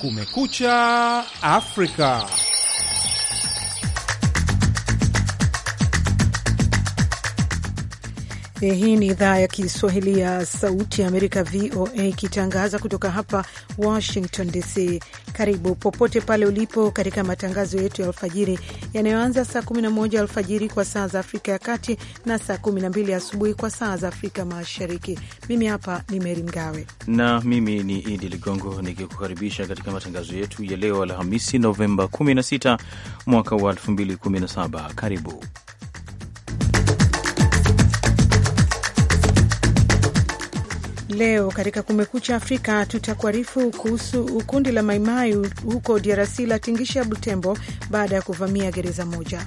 Kumekucha Afrika. Eh, hii ni idhaa ya Kiswahili ya Sauti ya Amerika, VOA, ikitangaza kutoka hapa Washington DC. Karibu popote pale ulipo katika matangazo yetu ya alfajiri yanayoanza saa 11 alfajiri kwa saa za Afrika ya Kati na saa 12 asubuhi kwa saa za Afrika Mashariki. Mimi hapa ni Meri Mgawe na mimi ni Idi Ligongo nikikukaribisha katika matangazo yetu ya leo Alhamisi, Novemba 16 mwaka wa 2017. Karibu Leo katika Kumekucha Afrika tutakuarifu kuhusu kundi la Maimai huko DRC la tingisha Butembo baada ya kuvamia gereza moja.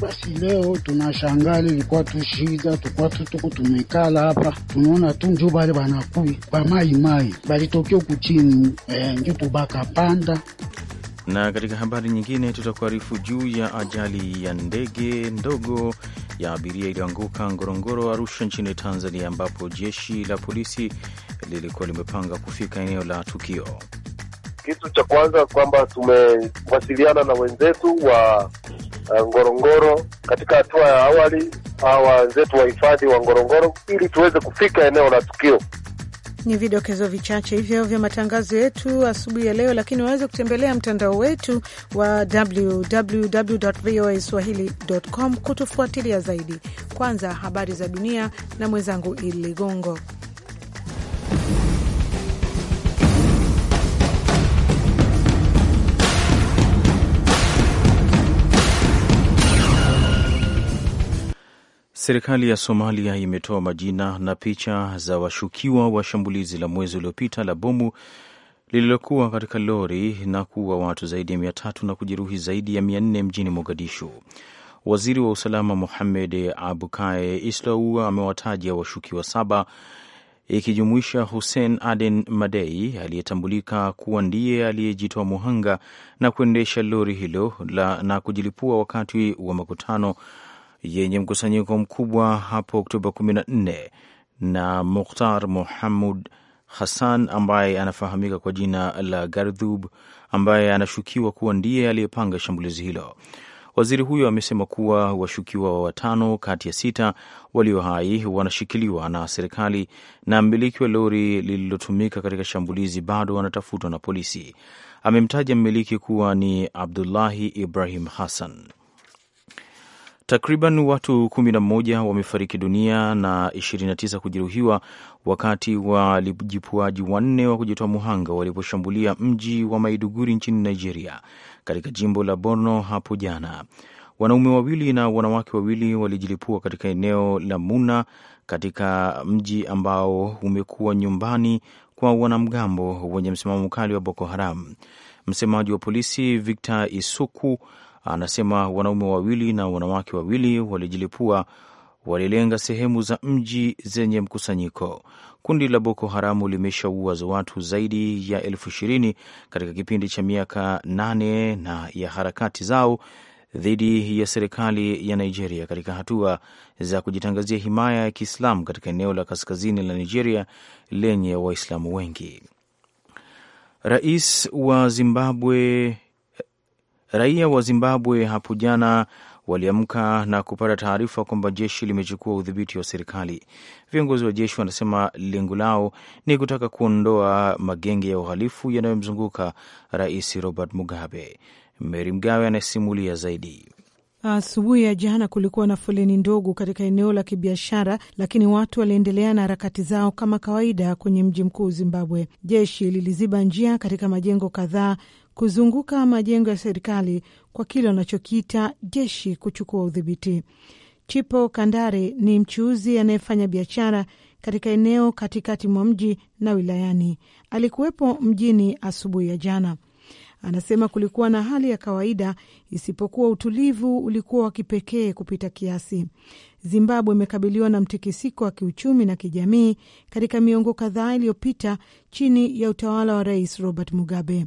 Basi leo tunashangaa, lilikuwa tushiza shida, tukwa tumekala hapa, tunaona tu njo bale banakui Maimai balitokea kuchini chini eh, njo tubakapanda na katika habari nyingine tutakuarifu juu ya ajali ya ndege ndogo ya abiria iliyoanguka Ngorongoro, Arusha nchini Tanzania, ambapo jeshi la polisi lilikuwa limepanga kufika eneo la tukio. Kitu cha kwanza kwamba tumewasiliana na wenzetu wa eh, Ngorongoro katika hatua ya awali, hawa wenzetu wahifadhi wa Ngorongoro ili tuweze kufika eneo la tukio. Ni vidokezo vichache hivyo vya matangazo yetu asubuhi ya leo, lakini waweze kutembelea mtandao wetu wa swahilicom kutufuatilia zaidi. Kwanza habari za dunia na mwenzangu Ili Ligongo. Serikali ya Somalia imetoa majina na picha za washukiwa wa shambulizi la mwezi uliopita la bomu lililokuwa katika lori na kuua watu zaidi ya mia tatu na kujeruhi zaidi ya mia nne mjini Mogadishu. Waziri wa usalama muhamed Abukae Islau amewataja washukiwa saba ikijumuisha Hussein Aden Madei aliyetambulika kuwa ndiye aliyejitoa muhanga na kuendesha lori hilo la na kujilipua wakati wa makutano yenye mkusanyiko mkubwa hapo Oktoba 14 na Mukhtar Muhamud Hassan ambaye anafahamika kwa jina la Gardhub ambaye anashukiwa kuwa ndiye aliyepanga shambulizi hilo. Waziri huyo amesema kuwa washukiwa watano kati ya sita walio hai wanashikiliwa na serikali na mmiliki wa lori lililotumika katika shambulizi bado wanatafutwa na polisi. Amemtaja mmiliki kuwa ni Abdullahi Ibrahim Hassan. Takriban watu 11 wamefariki dunia na 29 kujeruhiwa wakati walijipuaji wanne wa kujitoa muhanga waliposhambulia mji wa Maiduguri nchini Nigeria, katika jimbo la Borno hapo jana. Wanaume wawili na wanawake wawili walijilipua katika eneo la Muna, katika mji ambao umekuwa nyumbani kwa wanamgambo wenye msimamo mkali wa Boko Haram. Msemaji wa polisi Victor Isuku anasema wanaume wawili na wanawake wawili walijilipua walilenga sehemu za mji zenye mkusanyiko. Kundi la Boko Haramu limeshaua za watu zaidi ya elfu ishirini katika kipindi cha miaka nane na ya harakati zao dhidi ya serikali ya Nigeria katika hatua za kujitangazia himaya ya Kiislamu katika eneo la kaskazini la Nigeria lenye Waislamu wengi. Rais wa Zimbabwe Raia wa Zimbabwe hapo jana waliamka na kupata taarifa kwamba jeshi limechukua udhibiti wa serikali. Viongozi wa jeshi wanasema lengo lao ni kutaka kuondoa magenge ya uhalifu yanayomzunguka Rais Robert Mugabe. Meri Mgawe anasimulia zaidi. Asubuhi ya jana kulikuwa na foleni ndogo katika eneo la kibiashara, lakini watu waliendelea na harakati zao kama kawaida kwenye mji mkuu Zimbabwe. Jeshi liliziba njia katika majengo kadhaa kuzunguka majengo ya serikali kwa kile wanachokiita jeshi kuchukua udhibiti. Chipo Kandare ni mchuuzi anayefanya biashara katika eneo katikati mwa mji na wilayani. Alikuwepo mjini asubuhi ya jana. Anasema kulikuwa na hali ya kawaida isipokuwa utulivu ulikuwa wa kipekee kupita kiasi. Zimbabwe imekabiliwa na mtikisiko wa kiuchumi na kijamii katika miongo kadhaa iliyopita chini ya utawala wa Rais Robert Mugabe.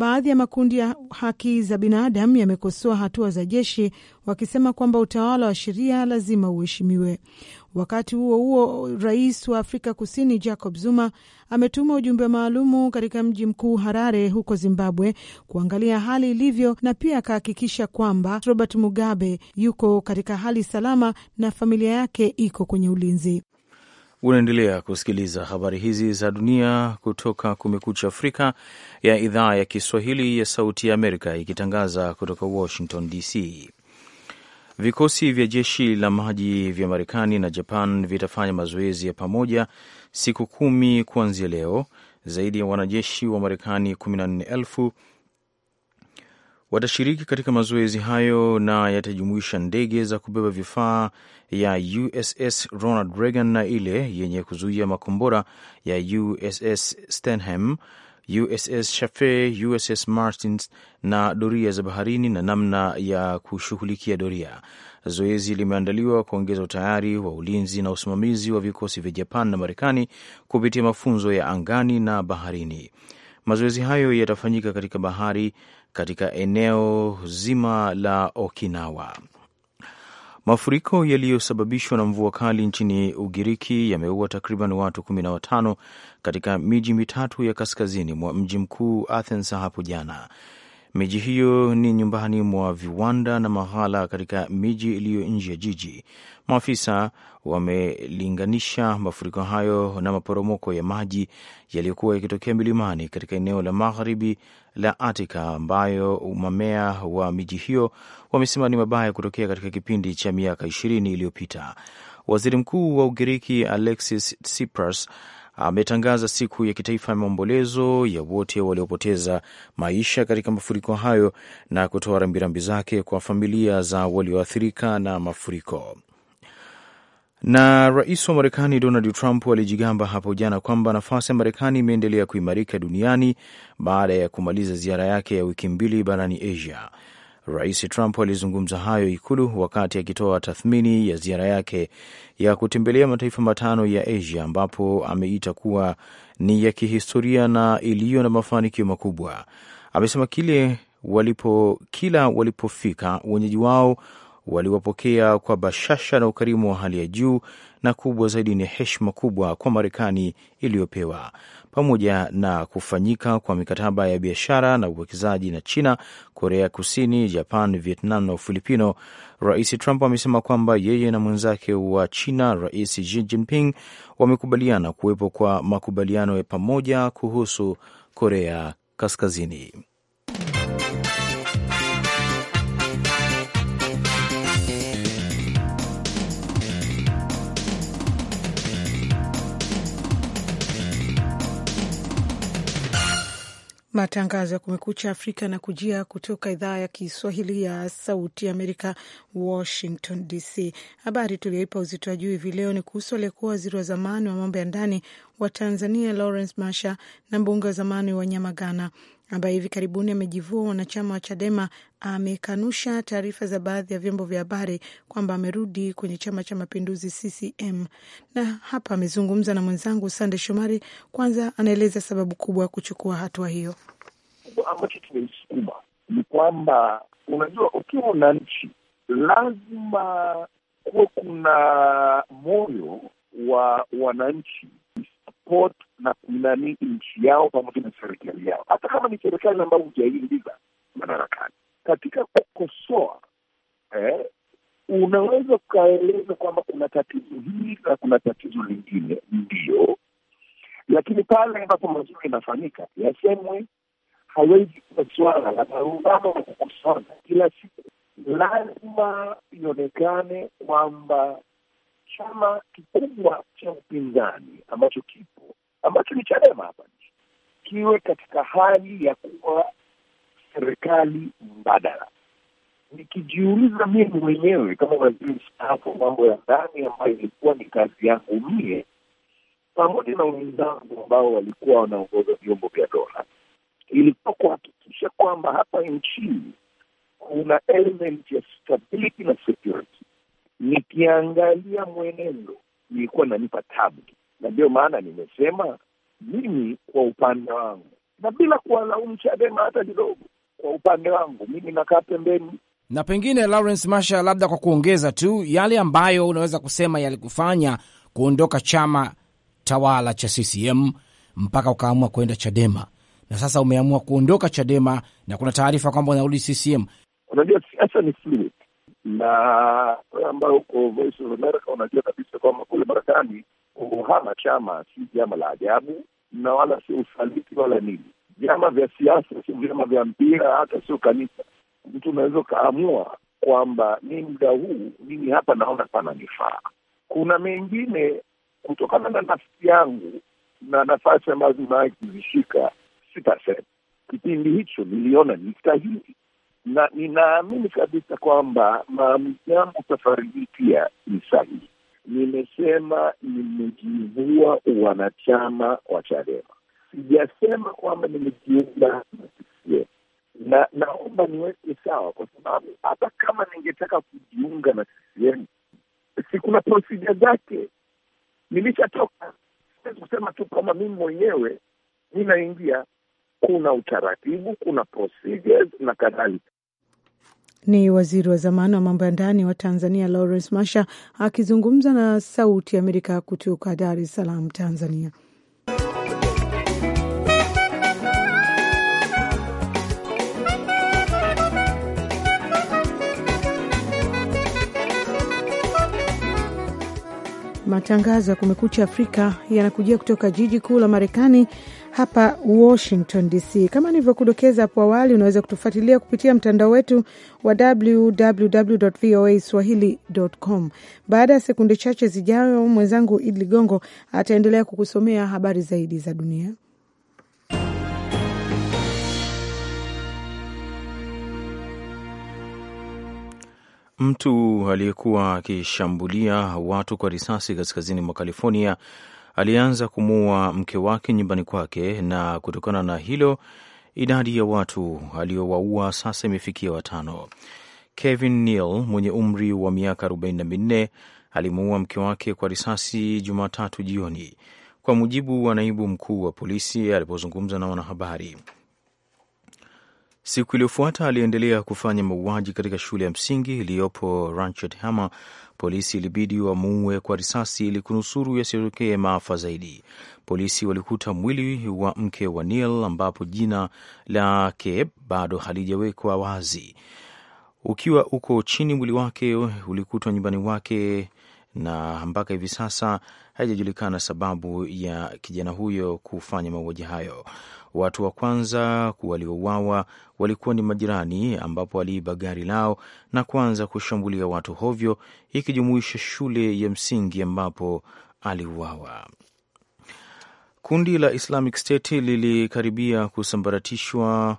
Baadhi ya makundi ya haki za binadamu yamekosoa hatua za jeshi wakisema kwamba utawala wa sheria lazima uheshimiwe. Wakati huo huo, rais wa Afrika Kusini Jacob Zuma ametuma ujumbe maalumu katika mji mkuu Harare huko Zimbabwe kuangalia hali ilivyo na pia akahakikisha kwamba Robert Mugabe yuko katika hali salama na familia yake iko kwenye ulinzi. Unaendelea kusikiliza habari hizi za dunia kutoka Kumekucha Afrika ya idhaa ya Kiswahili ya Sauti ya Amerika, ikitangaza kutoka Washington DC. Vikosi vya jeshi la maji vya Marekani na Japan vitafanya mazoezi ya pamoja siku kumi kuanzia leo. Zaidi ya wanajeshi wa Marekani elfu kumi na nne watashiriki katika mazoezi hayo na yatajumuisha ndege za kubeba vifaa ya USS Ronald Reagan na ile yenye kuzuia makombora ya USS Stenham, USS Shafe, USS Martins na doria za baharini na namna ya kushughulikia doria. Zoezi limeandaliwa kuongeza utayari wa ulinzi na usimamizi wa vikosi vya Japan na Marekani kupitia mafunzo ya angani na baharini. Mazoezi hayo yatafanyika katika bahari katika eneo zima la Okinawa. Mafuriko yaliyosababishwa na mvua kali nchini Ugiriki yameua takriban watu 1nw5 katika miji mitatu ya kaskazini mwa mji mkuu Athens hapo jana. Miji hiyo ni nyumbani mwa viwanda na maghala katika miji iliyo nje ya jiji. Maafisa wamelinganisha mafuriko hayo na maporomoko ya maji yaliyokuwa yakitokea milimani katika eneo la magharibi la atica ambayo mamea wa miji hiyo wamesema ni mabaya kutokea katika kipindi cha miaka ishirini iliyopita. Waziri Mkuu wa Ugiriki Alexis Tsipras ametangaza siku ya kitaifa ya maombolezo ya wote waliopoteza maisha katika mafuriko hayo na kutoa rambirambi zake kwa familia za walioathirika na mafuriko. Na rais wa Marekani Donald Trump alijigamba hapo jana kwamba nafasi ya Marekani imeendelea kuimarika duniani baada ya kumaliza ziara yake ya wiki mbili barani Asia. Rais Trump alizungumza hayo Ikulu wakati akitoa tathmini ya ziara yake ya kutembelea mataifa matano ya Asia, ambapo ameita kuwa ni ya kihistoria na iliyo na mafanikio makubwa. Amesema kile walipo, kila walipofika wenyeji wao waliwapokea kwa bashasha na ukarimu wa hali ya juu na kubwa zaidi ni heshima kubwa kwa Marekani iliyopewa, pamoja na kufanyika kwa mikataba ya biashara na uwekezaji na China, Korea Kusini, Japan, Vietnam na Ufilipino. Rais Trump amesema kwamba yeye na mwenzake wa China, Rais Xi Jinping, wamekubaliana kuwepo kwa makubaliano ya pamoja kuhusu Korea Kaskazini. Matangazo ya Kumekucha Afrika na kujia kutoka idhaa ya Kiswahili ya Sauti Amerika, Washington DC. Habari tuliyoipa uzito wa juu hivi leo ni kuhusu aliyekuwa waziri wa zamani wa mambo ya ndani wa Tanzania, Lawrence Masha, na mbunge wa zamani wa Nyamagana ambaye hivi karibuni amejivua wanachama wa Chadema amekanusha taarifa za baadhi ya vyombo vya habari kwamba amerudi kwenye chama cha mapinduzi CCM. Na hapa amezungumza na mwenzangu Sande Shomari. Kwanza anaeleza sababu kubwa ya kuchukua hatua hiyo. ambacho tumeisukuma ni kwamba, unajua, ukiwa mwananchi lazima kuwa kuna moyo wa wananchi support na kuinamini nchi yao pamoja na serikali yao, hata kama ni serikali ambayo hujaingiza madarakani. Katika kukosoa eh, unaweza ukaeleza kwamba kuna tatizo hili na kuna tatizo lingine, ndio, lakini pale ambapo mazuri yanafanyika yasemwe. Hawezi kuwa swala la marumbano na kukosoana kila siku. Lazima ionekane kwamba chama kikubwa cha upinzani ambacho kipo ambacho ni Chadema hapa nchi kiwe katika hali ya kuwa serikali mbadala. Nikijiuliza mimi mwenyewe kama waziri mstaafu wa mambo ya ndani, ambayo ilikuwa ni kazi yangu mie pamoja na wenzangu ambao walikuwa wanaongoza vyombo vya dola, ilikuwa kuhakikisha kwamba hapa nchini kuna element ya stability na security nikiangalia mwenendo ilikuwa nanipa tabu, na ndio maana nimesema mimi kwa upande wangu, na bila kuwalaumu Chadema hata kidogo. Kwa upande wangu mimi nakaa pembeni, na pengine Lawrence Masha, labda kwa kuongeza tu yale ambayo unaweza kusema yalikufanya kuondoka chama tawala cha CCM mpaka ukaamua kwenda Chadema, na sasa umeamua kuondoka Chadema na kuna taarifa kwamba unarudi CCM. Unajua siasa ni fluid na ambao uko Voice of America unajua kabisa kwamba kule Marekani kuhama chama si vyama la ajabu na wala sio usaliti wala nini. Vyama vya siasa sio vyama vya mpira, hata sio kanisa. Mtu unaweza ukaamua kwamba ni muda huu, mimi hapa naona pana nifaa. Kuna mengine kutokana na nafsi yangu na nafasi ambazo imewahi kuzishika, sitasema. Kipindi hicho niliona ni stahili na ninaamini kabisa kwamba maamuzi yangu safari hii pia ni sahihi. Nimesema nimejivua wanachama wa Chadema, sijasema kwamba nimejiunga na CCM na naomba niweke sawa, kwa sababu hata kama ningetaka kujiunga na CCM si kuna prosija zake. Nilishatoka, siwezi kusema tu kwamba mimi mwenyewe ninaingia kuna utaratibu, kuna procedures na kadhalika. Ni waziri wa zamani wa mambo ya ndani wa Tanzania, Lawrence Masha, akizungumza na Sauti Amerika kutoka Dar es Salaam, Tanzania. Matangazo ya Kumekucha Afrika yanakujia kutoka jiji kuu la Marekani hapa Washington DC. Kama nilivyokudokeza hapo awali, unaweza kutufuatilia kupitia mtandao wetu wa www voa swahili.com. Baada ya sekunde chache zijayo, mwenzangu id Ligongo ataendelea kukusomea habari zaidi za dunia. Mtu aliyekuwa akishambulia watu kwa risasi kaskazini mwa California alianza kumuua mke wake nyumbani kwake, na kutokana na hilo idadi ya watu aliowaua sasa imefikia watano. Kevin Neal mwenye umri wa miaka 44 alimuua mke wake kwa risasi Jumatatu jioni, kwa mujibu wa naibu mkuu wa polisi alipozungumza na wanahabari. Siku iliyofuata aliendelea kufanya mauaji katika shule ya msingi iliyopo Ranchet Hama. Polisi ilibidi wamuue kwa risasi ili kunusuru yasiotokee maafa zaidi. Polisi walikuta mwili wa mke wa Neil ambapo jina lake bado halijawekwa wazi, ukiwa uko chini. Mwili wake ulikutwa nyumbani wake na mpaka hivi sasa haijajulikana sababu ya kijana huyo kufanya mauaji hayo. Watu wa kwanza waliouawa walikuwa ni majirani, ambapo aliiba gari lao na kuanza kushambulia watu hovyo, ikijumuisha shule ya msingi ambapo aliuawa. Kundi la Islamic State lilikaribia kusambaratishwa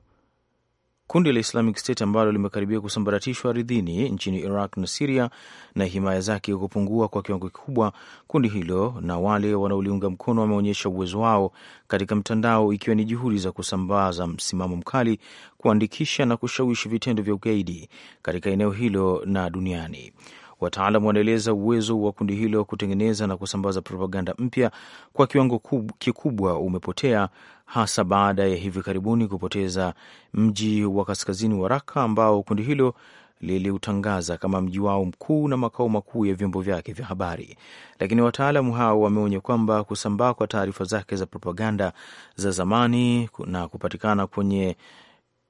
Kundi la Islamic State ambalo limekaribia kusambaratishwa ardhini nchini Iraq na Siria na himaya zake kupungua kwa kiwango kikubwa, kundi hilo na wale wanaoliunga mkono wameonyesha uwezo wao katika mtandao, ikiwa ni juhudi za kusambaza msimamo mkali, kuandikisha na kushawishi vitendo vya ugaidi katika eneo hilo na duniani. wataalam wanaeleza uwezo wa kundi hilo kutengeneza na kusambaza propaganda mpya kwa kiwango kikubwa umepotea, hasa baada ya hivi karibuni kupoteza mji wa kaskazini wa Raka ambao kundi hilo liliutangaza kama mji wao mkuu na makao makuu ya vyombo vyake vya habari. Lakini wataalamu hao wameonya kwamba kusambaa kwa taarifa zake za propaganda za zamani na kupatikana kwenye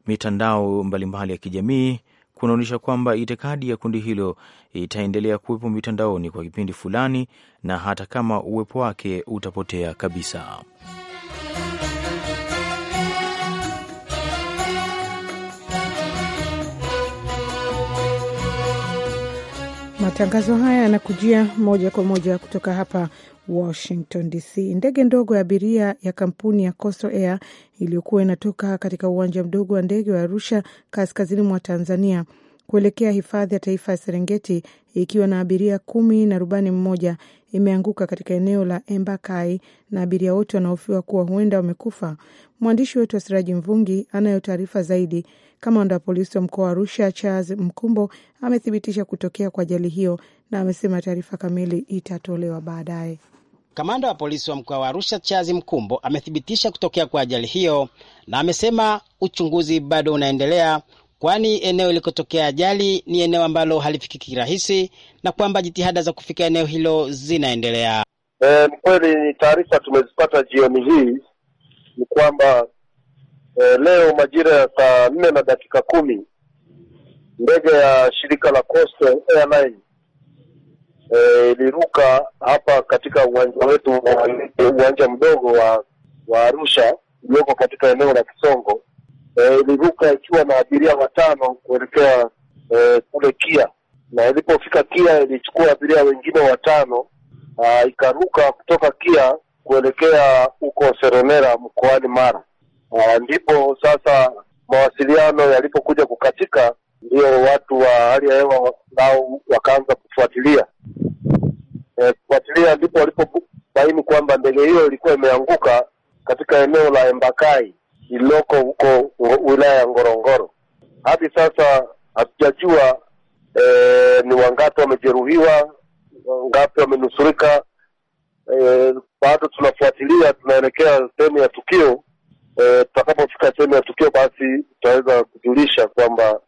mitandao mbalimbali ya kijamii kunaonyesha kwamba itikadi ya kundi hilo itaendelea kuwepo mitandaoni kwa kipindi fulani na hata kama uwepo wake utapotea kabisa. Matangazo haya yanakujia moja kwa moja kutoka hapa Washington DC. Ndege ndogo ya abiria ya kampuni ya Coastal Air iliyokuwa inatoka katika uwanja mdogo wa ndege wa Arusha, kaskazini mwa Tanzania, kuelekea hifadhi ya taifa ya Serengeti ikiwa na abiria kumi na rubani mmoja imeanguka katika eneo la Embakai na abiria wote wanaofiwa kuwa huenda wamekufa. Mwandishi wetu wa Siraji Mvungi anayo taarifa zaidi. Kamanda wa polisi wa mkoa wa Arusha Charles Mkumbo amethibitisha kutokea kwa ajali hiyo na amesema taarifa kamili itatolewa baadaye. Kamanda wa polisi wa mkoa wa Arusha Charles Mkumbo amethibitisha kutokea kwa ajali hiyo na amesema uchunguzi bado unaendelea kwani eneo ilikotokea ajali ni eneo ambalo halifikiki kirahisi na kwamba jitihada za kufika eneo hilo zinaendelea. E, ni kweli ni taarifa tumezipata jioni hii ni kwamba e, leo majira ya saa nne na dakika kumi ndege ya shirika la Coastal Airline e, iliruka e, hapa katika uwanja wetu uwanja mdogo wa, wa Arusha ulioko katika eneo la Kisongo Eh, iliruka ikiwa na abiria watano kuelekea e, kule Kia, na ilipofika Kia ilichukua abiria wengine watano a, ikaruka kutoka Kia kuelekea huko Seronera mkoani Mara. Ndipo sasa mawasiliano yalipokuja kukatika, ndio watu wa hali ya hewa nao wakaanza kufuatilia e, kufuatilia ndipo walipobaini kwamba ndege hiyo ilikuwa imeanguka katika eneo la Embakai iliyoko huko wilaya ya Ngorongoro. Hadi sasa hatujajua e, ni wangapi wamejeruhiwa, wangapi wamenusurika. E, bado tunafuatilia, tunaelekea sehemu ya tukio. E, tutakapofika sehemu ya tukio, basi tutaweza kujulisha kwamba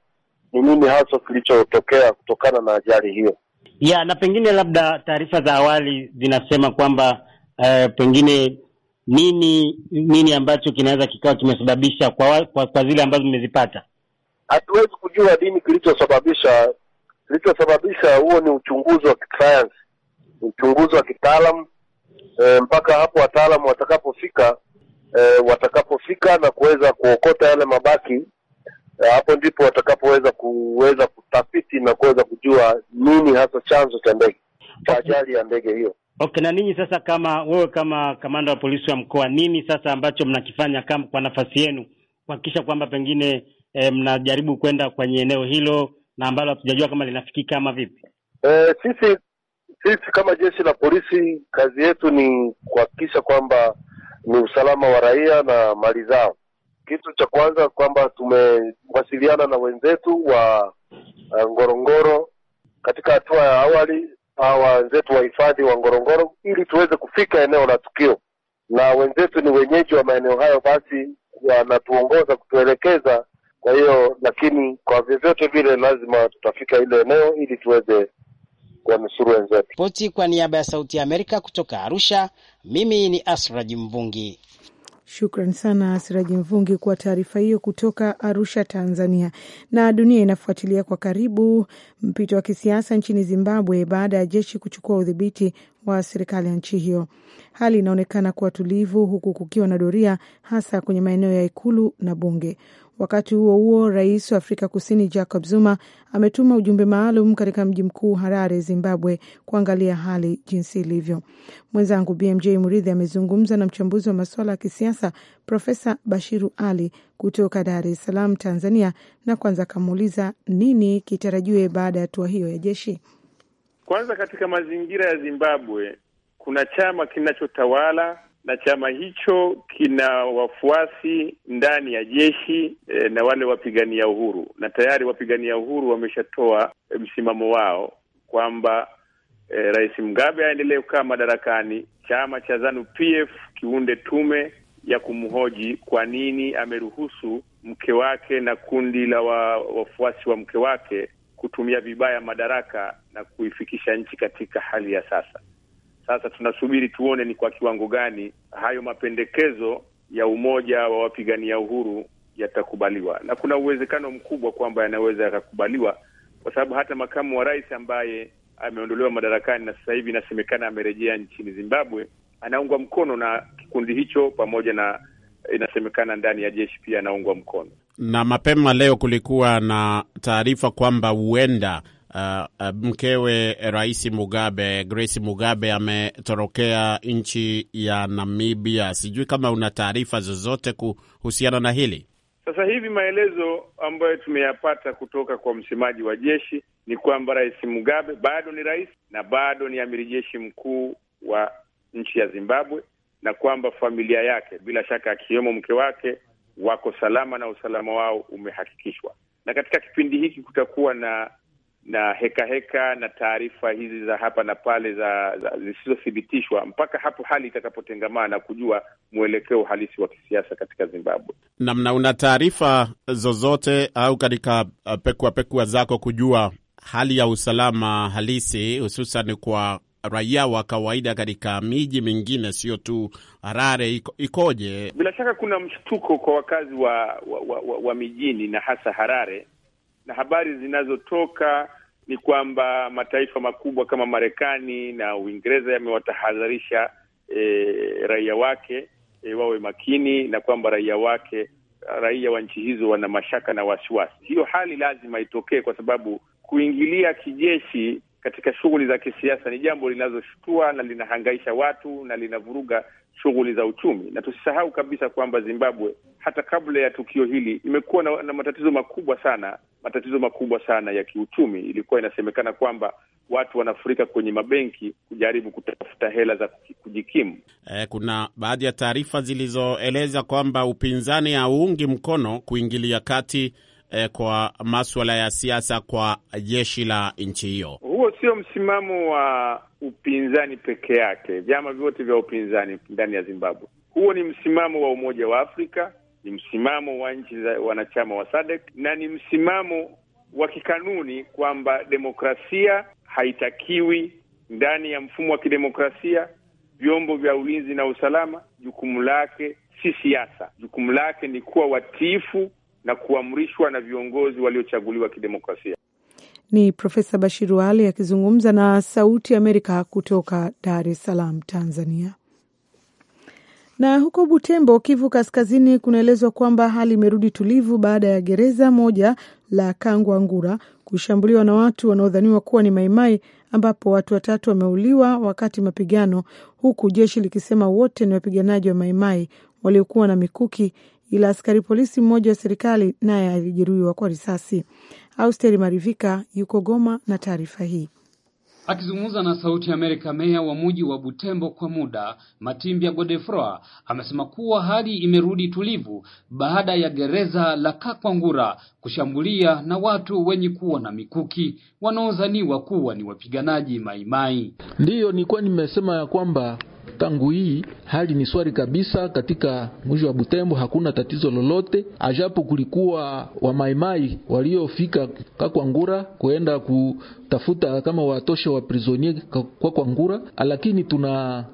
ni nini haswa kilichotokea kutokana na ajali hiyo. Ya na pengine labda taarifa za awali zinasema kwamba eh, pengine nini nini ambacho kinaweza kikawa kimesababisha kwa, kwa, kwa zile ambazo mmezipata? Hatuwezi kujua nini kilichosababisha. Kilichosababisha huo ni uchunguzi wa kisayansi, uchunguzi wa kitaalam e, eh, mpaka hapo wataalamu watakapofika e, watakapofika na kuweza kuokota yale mabaki e, hapo ndipo watakapoweza kuweza kutafiti na kuweza kujua nini hasa chanzo cha ndege cha ajali ya ndege hiyo. Okay, na ninyi sasa, kama wewe kama kamanda wa polisi wa mkoa, nini sasa ambacho mnakifanya kama kwa nafasi yenu kuhakikisha kwamba pengine e, mnajaribu kwenda kwenye eneo hilo na ambalo hatujajua kama linafikika ama vipi? E, sisi sisi kama jeshi la polisi kazi yetu ni kuhakikisha kwamba ni usalama wa raia na mali zao. Kitu cha kwanza kwamba tumewasiliana na wenzetu wa eh, Ngorongoro katika hatua ya awali hawa wenzetu wahifadhi wa Ngorongoro ili tuweze kufika eneo la tukio, na wenzetu ni wenyeji wa maeneo hayo, basi wanatuongoza kutuelekeza. Kwa hiyo lakini, kwa vyovyote vile, lazima tutafika ile eneo ili tuweze kuwanusuru wenzetu. Poti kwa niaba ya Sauti ya Amerika kutoka Arusha, mimi ni Asraji Mvungi. Shukran sana Siraji Mvungi kwa taarifa hiyo kutoka Arusha, Tanzania. Na dunia inafuatilia kwa karibu mpito wa kisiasa nchini Zimbabwe baada ya jeshi kuchukua udhibiti wa serikali ya nchi hiyo. Hali inaonekana kuwa tulivu, huku kukiwa na doria hasa kwenye maeneo ya ikulu na bunge. Wakati huo huo, rais wa Afrika Kusini Jacob Zuma ametuma ujumbe maalum katika mji mkuu Harare, Zimbabwe, kuangalia hali jinsi ilivyo. Mwenzangu BMJ Muridhi amezungumza na mchambuzi wa masuala ya kisiasa Profesa Bashiru Ali kutoka Dar es Salaam, Tanzania, na kwanza akamuuliza nini kitarajiwe baada ya hatua hiyo ya jeshi. Kwanza, katika mazingira ya Zimbabwe kuna chama kinachotawala na chama hicho kina wafuasi ndani ya jeshi e, na wale wapigania uhuru, na tayari wapigania uhuru wameshatoa e, msimamo wao kwamba e, Rais Mugabe aendelee kukaa madarakani, chama cha Zanu PF kiunde tume ya kumhoji kwa nini ameruhusu mke wake na kundi la wa, wafuasi wa mke wake kutumia vibaya madaraka na kuifikisha nchi katika hali ya sasa. Sasa tunasubiri tuone ni kwa kiwango gani hayo mapendekezo ya umoja wa wapigania uhuru yatakubaliwa, na kuna uwezekano mkubwa kwamba yanaweza yakakubaliwa, kwa sababu hata makamu wa rais ambaye ameondolewa madarakani na sasa hivi inasemekana amerejea nchini Zimbabwe anaungwa mkono na kikundi hicho, pamoja na eh, inasemekana ndani ya jeshi pia anaungwa mkono. Na mapema leo kulikuwa na taarifa kwamba huenda Uh, uh, mkewe eh, Rais Mugabe, Grace Mugabe ametorokea nchi ya Namibia. Sijui kama una taarifa zozote kuhusiana na hili. Sasa hivi maelezo ambayo tumeyapata kutoka kwa msemaji wa jeshi ni kwamba Rais Mugabe bado ni rais na bado ni amiri jeshi mkuu wa nchi ya Zimbabwe, na kwamba familia yake bila shaka akiwemo mke wake wako salama na usalama wao umehakikishwa, na katika kipindi hiki kutakuwa na na heka heka na taarifa hizi za hapa na pale za, za zisizothibitishwa mpaka hapo hali itakapotengamana na kujua mwelekeo halisi wa kisiasa katika Zimbabwe. Namna una taarifa zozote au katika uh, pekua pekua zako kujua hali ya usalama halisi hususan kwa raia wa kawaida katika miji mingine, sio tu Harare iko, ikoje? Bila shaka kuna mshtuko kwa wakazi wa, wa, wa, wa, wa mijini na hasa Harare na habari zinazotoka ni kwamba mataifa makubwa kama Marekani na Uingereza yamewatahadharisha e, raia wake e, wawe makini na kwamba raia wake raia wa nchi hizo wana mashaka na wasiwasi. Hiyo hali lazima itokee, kwa sababu kuingilia kijeshi katika shughuli za kisiasa ni jambo linazoshutua na linahangaisha watu na linavuruga shughuli za uchumi, na tusisahau kabisa kwamba Zimbabwe hata kabla ya tukio hili imekuwa na, na matatizo makubwa sana, matatizo makubwa sana ya kiuchumi. Ilikuwa inasemekana kwamba watu wanafurika kwenye mabenki kujaribu kutafuta hela za kujikimu. Eh, kuna baadhi ya taarifa zilizoeleza kwamba upinzani hauungi mkono kuingilia kati eh, kwa maswala ya siasa kwa jeshi la nchi hiyo sio msimamo wa upinzani peke yake, vyama vyote vya upinzani ndani ya Zimbabwe. Huo ni msimamo wa Umoja wa Afrika, ni msimamo wa nchi za wanachama wa SADC na ni msimamo wa kikanuni kwamba demokrasia haitakiwi ndani ya mfumo wa kidemokrasia. Vyombo vya ulinzi na usalama, jukumu lake si siasa, jukumu lake ni kuwa watiifu na kuamrishwa na viongozi waliochaguliwa kidemokrasia. Ni Profesa Bashiru Ali akizungumza na Sauti Amerika kutoka Dar es Salaam, Tanzania. Na huko Butembo, Kivu Kaskazini, kunaelezwa kwamba hali imerudi tulivu baada ya gereza moja la kangwa ngura kushambuliwa na watu wanaodhaniwa kuwa ni Maimai, ambapo watu watatu wameuliwa wakati mapigano, huku jeshi likisema wote ni wapiganaji wa Maimai waliokuwa na mikuki ila askari polisi mmoja wa serikali naye alijeruhiwa kwa risasi. Austeri Marivika yuko Goma na taarifa hii. Akizungumza na Sauti ya Amerika, meya wa muji wa Butembo kwa muda Matimbya godefroi amesema kuwa hali imerudi tulivu baada ya gereza la Kakwangura kushambulia na watu wenye kuwa na mikuki wanaozaniwa kuwa ni wapiganaji Maimai. Ndiyo nilikuwa nimesema ya kwamba Tangu hii hali ni swari kabisa katika mji wa Butembo, hakuna tatizo lolote, ajapo kulikuwa wamaimai waliofika Kakwangura kuenda kutafuta kama watoshe wa prisonier Kakwangura, lakini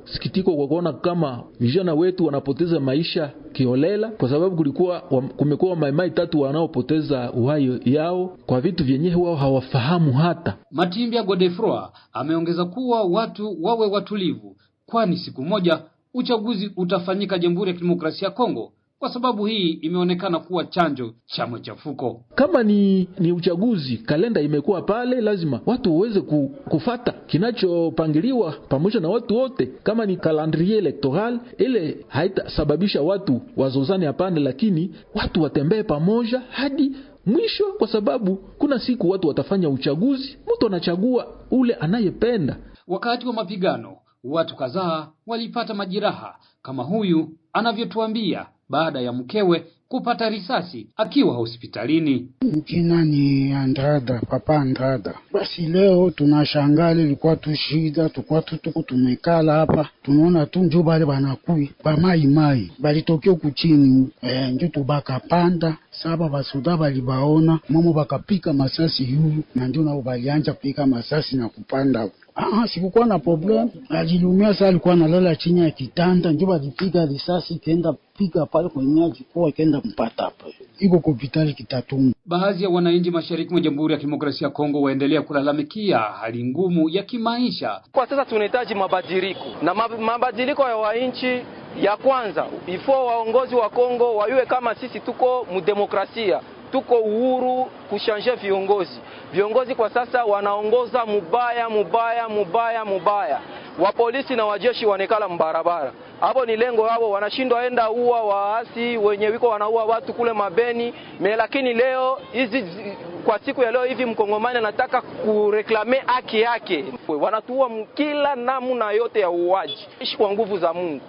sikitiko kwa kuona kama vijana wetu wanapoteza maisha kiolela, kwa sababu kulikuwa kumekuwa wamaimai tatu wanaopoteza uhai yao kwa vitu vyenye wao hawafahamu hata. Matimbia Godefroa ameongeza kuwa watu wawe watulivu kwani siku moja uchaguzi utafanyika Jamhuri ya Kidemokrasia ya Kongo kwa sababu hii imeonekana kuwa chanjo cha machafuko. Kama ni, ni uchaguzi, kalenda imekuwa pale, lazima watu waweze ku, kufata kinachopangiliwa pamoja na watu wote. Kama ni calendrier electoral, ile haitasababisha watu wazozane, hapana, lakini watu watembee pamoja hadi mwisho, kwa sababu kuna siku watu watafanya uchaguzi, mtu anachagua ule anayependa. Wakati wa mapigano watu kadhaa walipata majeraha kama huyu anavyotuambia baada ya mkewe kupata risasi akiwa hospitalini. Jina ni Andrada, Papa Andrada. Basi leo tunashangaa, ilikuwa tu shida, tulikuwa tu tumekala hapa, tunaona tu njo bale banakui bamaimai balitokea huku chini eh, njo tubaka panda saba basoda balibaona momo bakapika masasi yuyu, na njo nao balianja kupika masasi na kupanda Ah, sikukuwa na problem. Aliumia saa alikuwa analala chini ya kitanda, ndio alipiga risasi ikaenda piga pale kwenye alikuwa ikaenda mpata hapo. Iko hospitali Kitatungu. Baadhi ya wananchi mashariki mwa Jamhuri ya Kidemokrasia ya Kongo waendelea kulalamikia hali ngumu ya kimaisha. Kwa sasa tunahitaji mabadiliko na mabadiliko ya wananchi ya kwanza ifo waongozi wa Kongo waiwe kama sisi, tuko mdemokrasia, tuko uhuru kushanje viongozi Viongozi kwa sasa wanaongoza mubaya mubaya mubaya mubaya, wa polisi na wajeshi wanekala mbarabara. Hapo ni lengo hapo, wanashindwa enda uwa waasi wenye wiko wanaua watu kule mabeni me, lakini leo hizi kwa siku ya leo hivi mkongomani anataka kureklame haki yake, wanatuua kila namna yote ya uuaji, ishi kwa nguvu za Mungu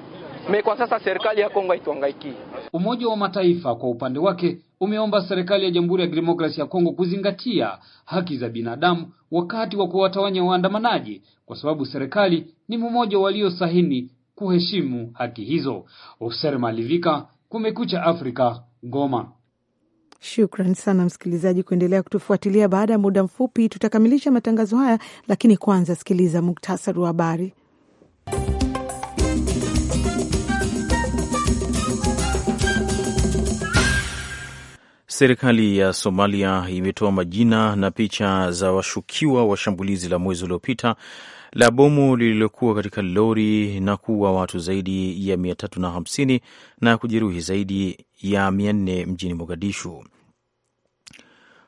me, kwa sasa serikali ya Kongo haituangaiki. Umoja wa Mataifa kwa upande wake umeomba serikali ya Jamhuri ya Kidemokrasia ya Kongo kuzingatia haki za binadamu wakati wa kuwatawanya waandamanaji, kwa sababu serikali ni mmoja waliosahini kuheshimu haki hizo. Oser Malivika, Kumekucha Afrika, Goma. Shukran sana msikilizaji kuendelea kutufuatilia. Baada ya muda mfupi tutakamilisha matangazo haya, lakini kwanza sikiliza muktasari wa habari. Serikali ya Somalia imetoa majina na picha za washukiwa wa shambulizi la mwezi uliopita la bomu lililokuwa katika lori na kuua watu zaidi ya 350 na kujeruhi zaidi ya 400 mjini Mogadishu.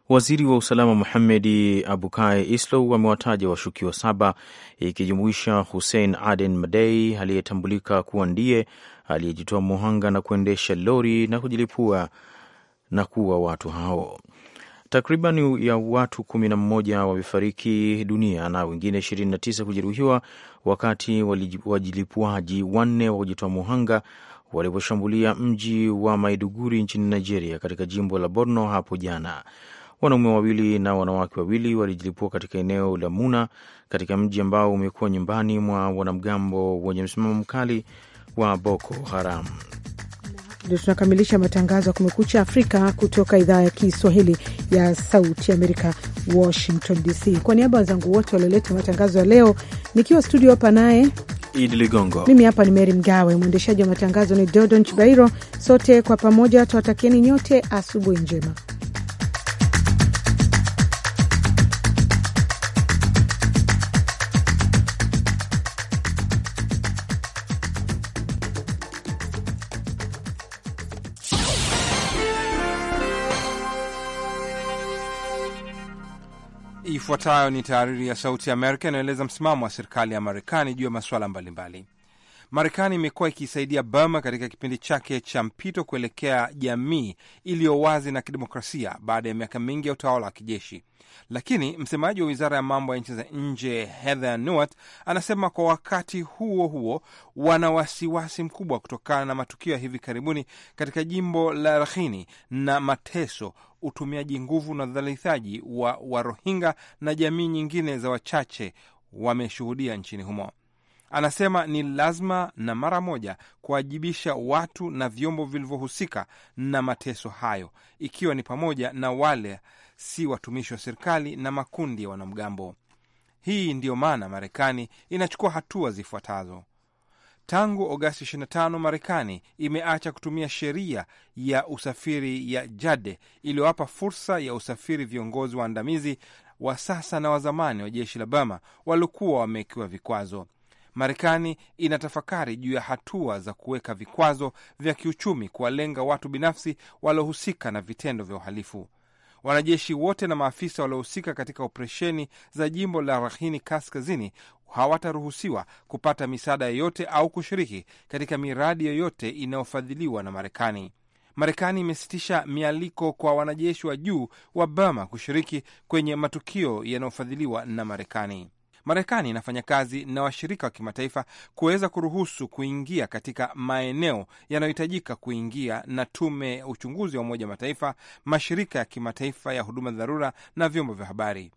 Waziri wa usalama Muhamedi Abukai Islow amewataja washukiwa saba ikijumuisha Hussein Aden Madei aliyetambulika kuwa ndiye aliyejitoa muhanga na kuendesha lori na kujilipua na kuwa watu hao. Takriban ya watu 11 wamefariki dunia na wengine 29 kujeruhiwa wakati wajilipuaji wanne wa kujitoa muhanga waliposhambulia mji wa Maiduguri nchini Nigeria, katika jimbo la Borno hapo jana. Wanaume wawili na wanawake wawili walijilipua katika eneo la Muna, katika mji ambao umekuwa nyumbani mwa wanamgambo wenye msimamo mkali wa Boko Haram ndio tunakamilisha matangazo ya Kumekucha Afrika kutoka idhaa ya Kiswahili ya Sauti Amerika, Washington DC. Kwa niaba ya wenzangu wote walioleta matangazo ya leo, nikiwa studio hapa naye Idi Ligongo, mimi hapa ni Meri Mgawe, mwendeshaji wa matangazo ni Dodon Chibairo. Sote kwa pamoja tuwatakieni nyote asubuhi njema. Ifuatayo ni tahariri ya Sauti ya Amerika inayoeleza msimamo wa serikali ya Marekani juu ya masuala mbalimbali. Marekani imekuwa ikiisaidia Burma katika kipindi chake cha mpito kuelekea jamii iliyo wazi na kidemokrasia baada ya miaka mingi ya utawala wa kijeshi. Lakini msemaji wa wizara ya mambo ya nchi za nje Heather Nauert anasema kwa wakati huo huo wana wasiwasi mkubwa kutokana na matukio ya hivi karibuni katika jimbo la Rakhine na mateso, utumiaji nguvu na udhalilishaji wa Warohinga na jamii nyingine za wachache wameshuhudia nchini humo. Anasema ni lazima na mara moja kuwajibisha watu na vyombo vilivyohusika na mateso hayo, ikiwa ni pamoja na wale si watumishi wa serikali na makundi ya wanamgambo. Hii ndiyo maana Marekani inachukua hatua zifuatazo. Tangu Agosti 25 Marekani imeacha kutumia sheria ya usafiri ya Jade iliyowapa fursa ya usafiri viongozi waandamizi wa sasa na wa zamani wa jeshi la Burma waliokuwa wamewekiwa vikwazo. Marekani inatafakari juu ya hatua za kuweka vikwazo vya kiuchumi kuwalenga watu binafsi waliohusika na vitendo vya uhalifu. Wanajeshi wote na maafisa waliohusika katika operesheni za jimbo la Rakhine Kaskazini hawataruhusiwa kupata misaada yoyote au kushiriki katika miradi yoyote inayofadhiliwa na Marekani. Marekani imesitisha mialiko kwa wanajeshi wa juu wa Burma kushiriki kwenye matukio yanayofadhiliwa na Marekani. Marekani inafanya kazi na washirika wa kimataifa kuweza kuruhusu kuingia katika maeneo yanayohitajika kuingia na tume ya uchunguzi wa Umoja Mataifa, mashirika ya kimataifa ya huduma dharura na vyombo vya habari.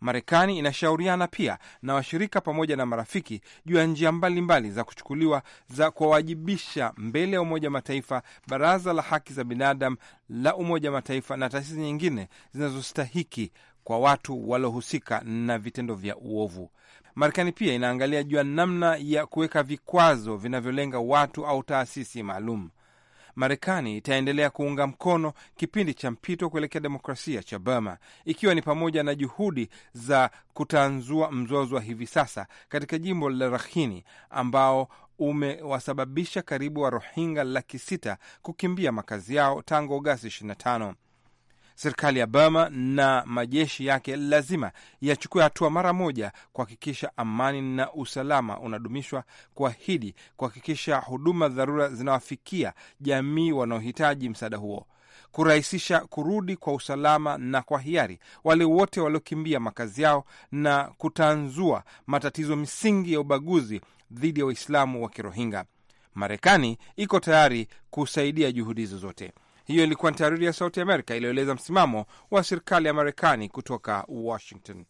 Marekani inashauriana pia na washirika pamoja na marafiki juu ya njia mbalimbali za kuchukuliwa za kuwawajibisha mbele ya Umoja Mataifa, Baraza la Haki za Binadamu la Umoja Mataifa na taasisi nyingine zinazostahiki kwa watu waliohusika na vitendo vya uovu. Marekani pia inaangalia juu ya namna ya kuweka vikwazo vinavyolenga watu au taasisi maalum. Marekani itaendelea kuunga mkono kipindi cha mpito kuelekea demokrasia cha Burma, ikiwa ni pamoja na juhudi za kutanzua mzozo wa hivi sasa katika jimbo la Rakhine ambao umewasababisha karibu wa Rohingya laki sita kukimbia makazi yao tangu Agasti 25. Serikali ya Burma na majeshi yake lazima yachukue hatua mara moja kuhakikisha amani na usalama unadumishwa, kuahidi kuhakikisha huduma dharura zinawafikia jamii wanaohitaji msaada huo, kurahisisha kurudi kwa usalama na kwa hiari wale wote waliokimbia makazi yao, na kutanzua matatizo misingi ya ubaguzi dhidi ya Waislamu wa kirohinga Marekani iko tayari kusaidia juhudi zote hiyo ilikuwa ni tahariri ya Sauti Amerika iliyoeleza msimamo wa serikali ya Marekani kutoka Washington.